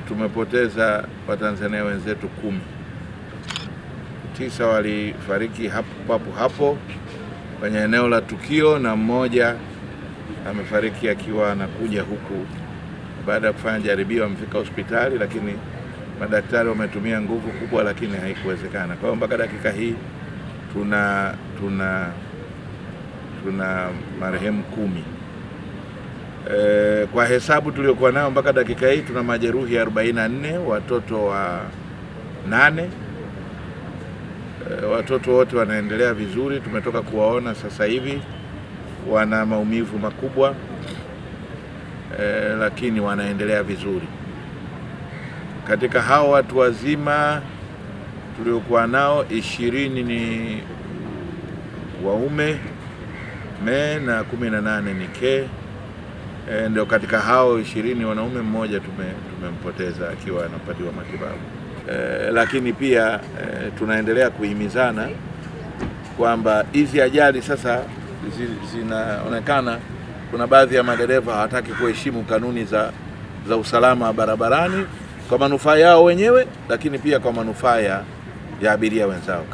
Tumepoteza Watanzania wenzetu kumi, tisa walifariki hapo papo hapo kwenye eneo la tukio na mmoja amefariki akiwa anakuja huku baada ya kufanya jaribio, amefika hospitali, lakini madaktari wametumia nguvu kubwa, lakini haikuwezekana. Kwa hiyo mpaka dakika hii tuna tuna tuna marehemu kumi. E, kwa hesabu tuliokuwa nayo mpaka dakika hii tuna majeruhi 44, watoto wa nane. E, watoto wote wanaendelea vizuri, tumetoka kuwaona sasa hivi, wana maumivu makubwa e, lakini wanaendelea vizuri. Katika hao watu wazima tuliokuwa nao ishirini ni waume me na kumi na nane ni ke E, ndio katika hao ishirini wanaume mmoja tume, tumempoteza akiwa anapatiwa matibabu e, lakini pia e, tunaendelea kuhimizana kwamba hizi ajali sasa zinaonekana kuna baadhi ya madereva hawataki kuheshimu kanuni za, za usalama barabarani kwa manufaa yao wenyewe, lakini pia kwa manufaa ya abiria wenzao.